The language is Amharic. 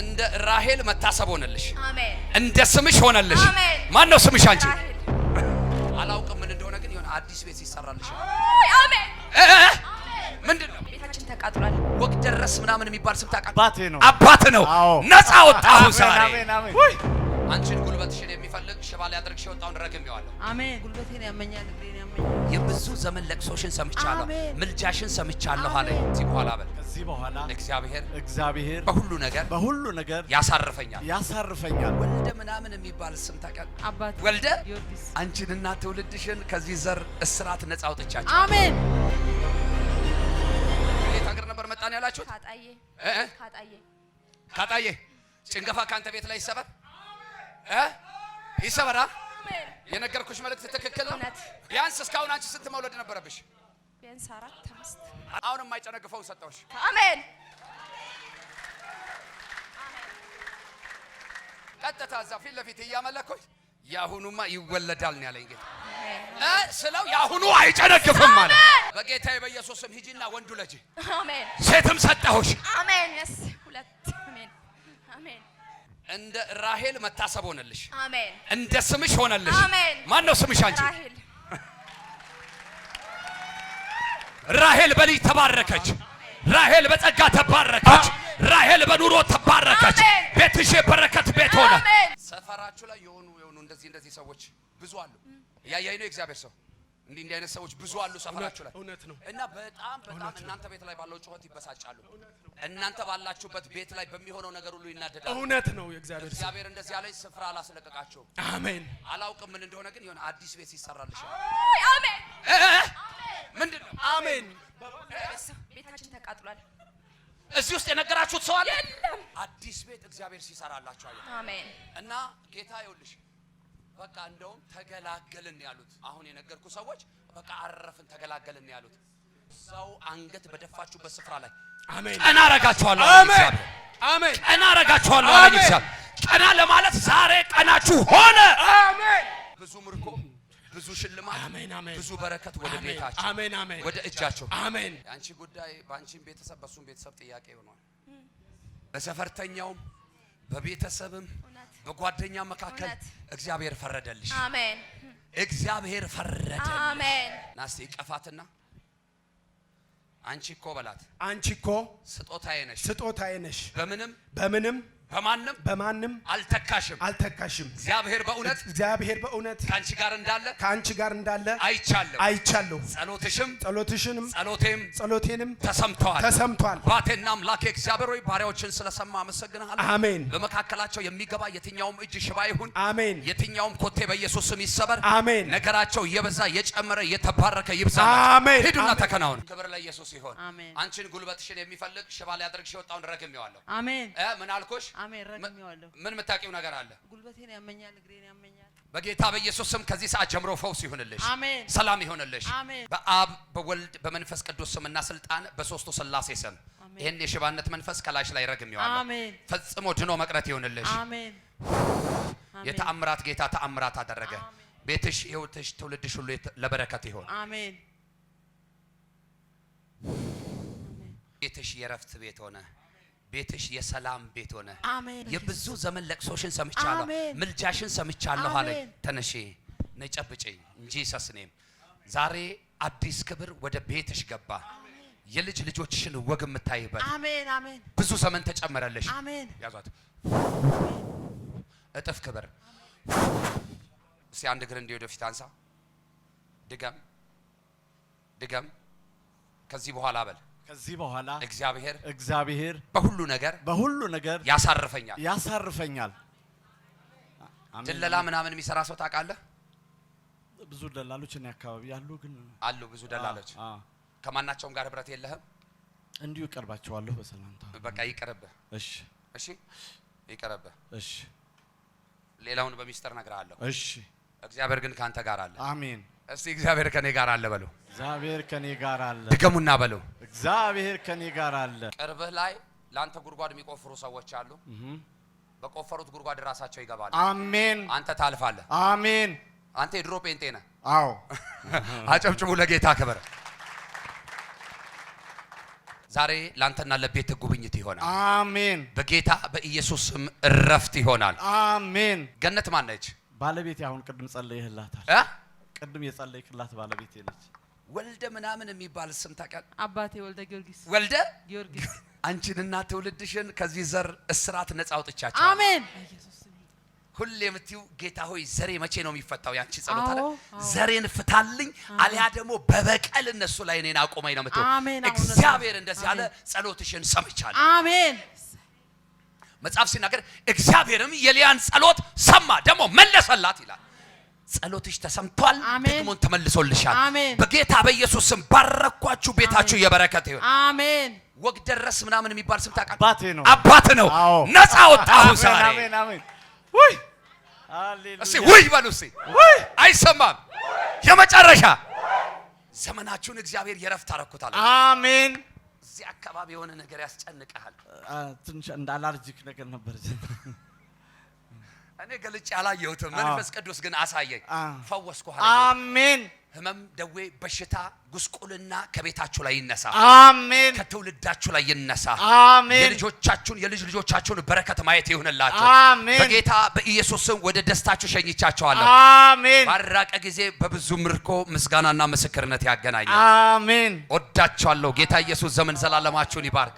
እንደ ራሄል መታሰብ ሆነልሽ፣ እንደ ስምሽ ሆነልሽ። ማን ነው ስምሽ? አንቺ አላውቅም ምን እንደሆነ ግን የሆነ አዲስ ቤት ይሰራልሽ። አሜን። ምንድን ነው ቤታችን ተቃጥሏል። ወግ ደረስ ምናምን የሚባል ስም ታውቃለህ? አባቴ ነው፣ አባቴ ነው። ነፃ ወጣሁ ዛሬ አሜን አሜን። አንቺን ጉልበትሽን የሚፈልግ ሽባ ሊያደርግሽ የወጣውን ረግሜዋለሁ። አሜን። ጉልበቴን ያመኛል፣ እግሬን ያመኛል። የብዙ ዘመን ለቅሶሽን ሰምቻለሁ፣ ምልጃሽን ሰምቻለሁ አለ። ከዚህ በኋላ በል ከዚህ በኋላ እግዚአብሔር እግዚአብሔር በሁሉ ነገር በሁሉ ነገር ያሳርፈኛል፣ ያሳርፈኛል። ወልደ ምናምን የሚባል ስም ታውቂያለሽ? አባት ወልደ አንቺንና ትውልድሽን ከዚህ ዘር እስራት ነጻ አውጥቻቸው። አሜን። የት ሀገር ነበር መጣን ያላችሁት? ካጣዬ ካጣዬ ካጣዬ። ጭንገፋ ከአንተ ቤት ላይ ይሰበር ይሰበራ። የነገርኩሽ መልእክት ትክክል ነው። ቢያንስ እስካሁን አንቺ ስንት መውለድ ነበረብሽ? ቢያንስ አራት አምስት። አሁን የማይጨነግፈውን ሰጠሁሽ። አሜን። ቀጥታ እዛ ፊት ለፊት እያመለኩኝ የአሁኑማ ይወለዳል ነው ያለኝ ጌታ ስለው የአሁኑ አይጨነግፍም ማለት በጌታ በኢየሱስ ሂጂና ወንዱ ለጂ ሴትም ሰጠሁሽ። አሜን። እንደ ራሄል መታሰብ ሆነልሽ። አሜን። እንደ ስምሽ ሆነልሽ። አሜን። ማን ነው ስምሽ? አንቺ ራሄል በልጅ ተባረከች። ራሄል በጸጋ ተባረከች። ራሄል በኑሮ ተባረከች። ቤትሽ በረከት ቤት ሆነ። ሰፈራችሁ ላይ የሆኑ የሆኑ እንደዚህ እንደዚህ ሰዎች ብዙ አሉ። ያያይ ነው የእግዚአብሔር ሰው እንዲህ እንዲህ አይነት ሰዎች ብዙ አሉ ሰፈራችሁ ላይ ነው እና በጣም በጣም እናንተ ቤት ላይ ባለው ጩኸት ይበሳጫሉ። እናንተ ባላችሁበት ቤት ላይ በሚሆነው ነገር ሁሉ ይናደዳሉ። እውነት ነው። የእግዚአብሔር እግዚአብሔር እንደዚህ ያለ ስፍራ አላስለቀቃቸውም። አሜን። አላውቅም ምን እንደሆነ ግን የሆነ አዲስ ቤት ይሰራልሻል። አሜን። ምንድን ነው? አሜን። ቤታችን ተቃጥሏል። እዚህ ውስጥ የነገራችሁት ሰው አለ? አዲስ ቤት እግዚአብሔር ሲሰራላችሁ አሜን። እና ጌታ ይኸውልሽ በቃ እንደውም ተገላገልን ያሉት አሁን የነገርኩ ሰዎች በቃ አረፍን ተገላገልን ያሉት ሰው አንገት በደፋችሁበት ስፍራ ላይ አሜን። ቀና አረጋችኋለሁ። አሜን፣ አሜን። ቀና አረጋችኋለሁ። አሜን። ቀና ለማለት ዛሬ ቀናችሁ ሆነ። አሜን። ብዙ ምርኮ ብዙ ሽልማት ብዙ በረከት ወደ ቤታችሁ አሜን፣ አሜን። ወደ እጃችሁ አሜን። የአንቺ ጉዳይ በአንቺም ቤተሰብ በሱም ቤተሰብ ጥያቄ ሆኗል። በሰፈርተኛውም በቤተሰብም በጓደኛ መካከል እግዚአብሔር ፈረደልሽ። አሜን። እግዚአብሔር ፈረደልሽ። አሜን። ናስቲ ቀፋትና አንቺ እኮ በላት። አንቺ እኮ ስጦታዬ ነሽ፣ ስጦታዬ ነሽ። በምንም በምንም በማንም በማንም አልተካሽም አልተካሽም። እግዚአብሔር በእውነት እግዚአብሔር በእውነት ካንቺ ጋር እንዳለ ካንቺ ጋር እንዳለ አይቻለሁ አይቻለሁ። ጸሎትሽም ጸሎትሽንም ጸሎቴም ጸሎቴንም ተሰምቷል ተሰምቷል። ባቴና አምላኬ እግዚአብሔር ሆይ ባሪያዎችን ስለሰማ አመሰግናለሁ። አሜን። በመካከላቸው የሚገባ የትኛውም እጅ ሽባ ይሁን። አሜን። የትኛውም ኮቴ በኢየሱስ ስም ይሰበር። አሜን። ነገራቸው የበዛ የጨመረ የተባረከ ይብዛ። አሜን። ሂዱና ተከናውን። ክብር ለኢየሱስ ይሁን። አንቺን ጉልበትሽን የሚፈልግ ሽባ ሊያደርግሽ የወጣውን ረግሜዋለሁ። አሜን። ምን አልኩሽ? ምን የምታውቂው ነገር አለ? ጉልበቴን ያመኛል፣ እግሬን ያመኛል። በጌታ በኢየሱስ ስም ከዚህ ሰዓት ጀምሮ ፈውስ ይሁንልሽ፣ ሰላም ይሁንልሽ። በአብ በወልድ በመንፈስ ቅዱስ ስምና ስልጣን በሶስቱ ስላሴ ስም ይህን የሽባነት መንፈስ ከላሽ ላይ ረግሜዋለሁ። ፈጽሞ ድኖ መቅረት ይሁንልሽ። የተአምራት ጌታ ተአምራት አደረገ። ቤትሽ፣ ህይወትሽ፣ ትውልድሽ ሁሉ ለበረከት ይሆን። ቤትሽ የረፍት ቤት ሆነ። ቤትሽ የሰላም ቤት ሆነ። የብዙ ዘመን ለቅሶሽን ሰምቻለሁ፣ ምልጃሽን ሰምቻለሁ አለ። ተነሺ ነይ እንጂ ሰስኔም ዛሬ አዲስ ክብር ወደ ቤትሽ ገባ። የልጅ ልጆችሽን ወግ የምታይበት ብዙ ዘመን ተጨመረለሽ። አሜን። ያዟት እጥፍ ክብር። እስቲ አንድ እግር እንዲህ ወደፊት አንሳ። ድገም ድገም። ከዚህ በኋላ በል ከዚህ በኋላ እግዚአብሔር እግዚአብሔር በሁሉ ነገር በሁሉ ነገር ያሳርፈኛል ያሳርፈኛል። ድለላ ምናምን የሚሰራ ሰው ታውቃለህ? ብዙ ደላሎች እኔ አካባቢ ያሉ ግን አሉ። ብዙ ደላሎች ከማናቸውም ጋር ህብረት የለህም። እንዲሁ ይቀርባቸዋለሁ በሰላምታ በቃ ይቅርብህ። እሺ እሺ፣ ይቅርብህ። እሺ፣ ሌላውን በሚስጥር እነግርሃለሁ። እሺ፣ እግዚአብሔር ግን ካንተ ጋር አለ። አሜን። እስቲ እግዚአብሔር ከኔ ጋር አለ በሉ። እግዚአብሔር ከኔ ጋር አለ ድገሙና በሉ እግዚአብሔር ከኔ ጋር አለ። ቅርብህ ላይ ለአንተ ጉድጓድ የሚቆፍሩ ሰዎች አሉ። በቆፈሩት ጉድጓድ ራሳቸው ይገባሉ። አሜን። አንተ ታልፋለህ። አሜን። አንተ የድሮ ጴንጤ ነህ። አዎ። አጨብጭቡ ለጌታ ክብር። ዛሬ ላንተና ለቤት ጉብኝት ይሆናል። አሜን። በጌታ በኢየሱስ ስም እረፍት ይሆናል። አሜን። ገነት ማን ነች? ባለቤቴ አሁን ቅድም ጸለይህላታል። ቅድም የጸለይክላት ባለቤቴ ነች። ወልደ ምናምን የሚባል ስም ታውቂያለሽ? አባቴ ወልደ ጊዮርጊስ ወልደ ጊዮርጊስ አንቺንና ትውልድሽን ከዚህ ዘር እስራት ነጻ አውጥቻቸው። አሜን። ሁሌ የምትዩ ጌታ ሆይ ዘሬ መቼ ነው የሚፈታው? ያንቺ ጸሎት አለ። ዘሬን ፍታልኝ፣ አሊያ ደግሞ በበቀል እነሱ ላይ እኔን አቆመኝ ነው የምትይው። እግዚአብሔር እንደዚህ ያለ ጸሎትሽን ሰምቻለሁ። አሜን። መጽሐፍ ሲናገር እግዚአብሔርም የሊያን ጸሎት ሰማ ደግሞ መለሰላት ይላል። ጸሎትሽ ተሰምቷል። ደግሞን ተመልሶልሻል። በጌታ በኢየሱስ ስም ባረኳችሁ። ቤታችሁ የበረከት ይሁን። አሜን። ወግ ደረስ ምናምን የሚባል ስም ታውቃለህ? አባቴ ነው፣ አባት ነው። ነፃ ወጣሁ ዛሬ። አሜን፣ አሜን። ውይ እስኪ ውይ በሉ እስኪ ውይ። አይሰማም። የመጨረሻ ዘመናችሁን እግዚአብሔር የረፍት አረኩታል። አሜን። እዚህ አካባቢ የሆነ ነገር ያስጨንቀሃል። ትንሽ እንደ ነገር ነበር እኔ ገልጭ አላየሁትም። መንፈስ ቅዱስ ግን አሳየኝ፣ ፈወስኩ። አሜን። ህመም፣ ደዌ፣ በሽታ፣ ጉስቁልና ከቤታችሁ ላይ ይነሳ። አሜን። ከትውልዳችሁ ላይ ይነሳ። አሜን። የልጆቻችሁን የልጅ ልጆቻችሁን በረከት ማየት ይሁንላችሁ። አሜን። በጌታ በኢየሱስ ስም ወደ ደስታችሁ ሸኝቻችኋለሁ። አሜን። ባራቀ ጊዜ በብዙ ምርኮ ምስጋናና ምስክርነት ያገናኛል። አሜን። ወዳችኋለሁ። ጌታ ኢየሱስ ዘመን ዘላለማችሁን ይባርክ።